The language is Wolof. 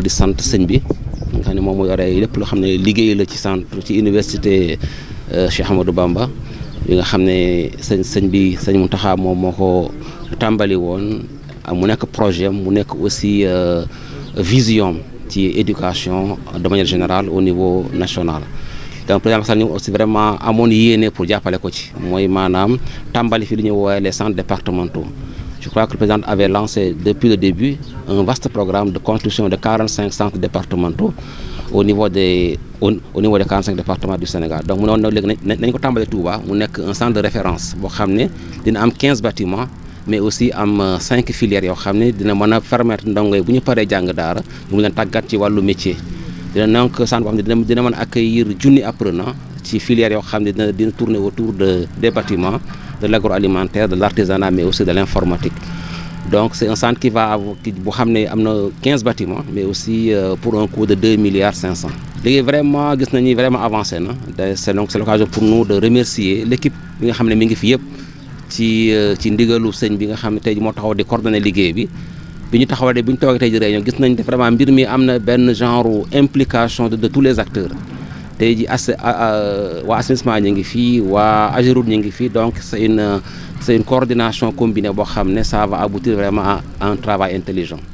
di sant sëñ bi nga xam ne moom mu yore lépp loo xam ne liggéey la ci centre ci université euh, Cheikh Amadou Bamba bi nga xam ne sëñ sëñ bi sëñ Mountakha moom moo ko tàmbali woon mu nekk projet mu nekk aussi euh, vision ci éducation de manière générale au niveau national donc président sañ Sall ñoom aussi vraiment amoon yéene pour jàppale ko ci mooy maanaam tàmbali fi lu ñu woowee les centres départementaux Je crois que le président avait lancé depuis le début un vaste programme de construction de 45 départementaux au niveau des au, au niveau des 45 départements du Sénégal donc mu ne woon nag léegi nañ ko tàmbalee Touba mu nekk un centre de référence boo xam ne dina am 15 bâtiments mais aussi am euh, cinq filières yoo xam ne dina mën a permettre ndongo yi bu ñu paree jàng daar ñu mu leen tàggat ci wàllu métier dina donc centre boo xam ne dina dina mën a accueillir junni apprenant ci filières yoo xam dina dina tourner autour de de l'agroalimentaire, de l'artisanat, mais aussi de l'informatique. Donc c'est un centre qui va bu xam ne am na 15 bâtiments mais aussi euh, pour un coût de 2 milliards 500. léegi vraiment gis nañu vraiment avancé na c'est donc pour nous de remercier l'équipe bi nga xam ne mi ngi fi yëpp ci euh, ci ndigalu sëñ bi nga xam ne tey moo taxaw di coordonner liggéey bi bi ñu taxaw taxawalee bi ñu toogee tey ji réunion gis nañ vraiment mbir mi am na benn genre implication de de tous les acteurs. tey ji as waa assainissement ñu ngi fii waa Ageroute ñu ngi fii donc c' est une c' est coordination combinée boo xam ne ça va aboutir vraiment à un travail intelligent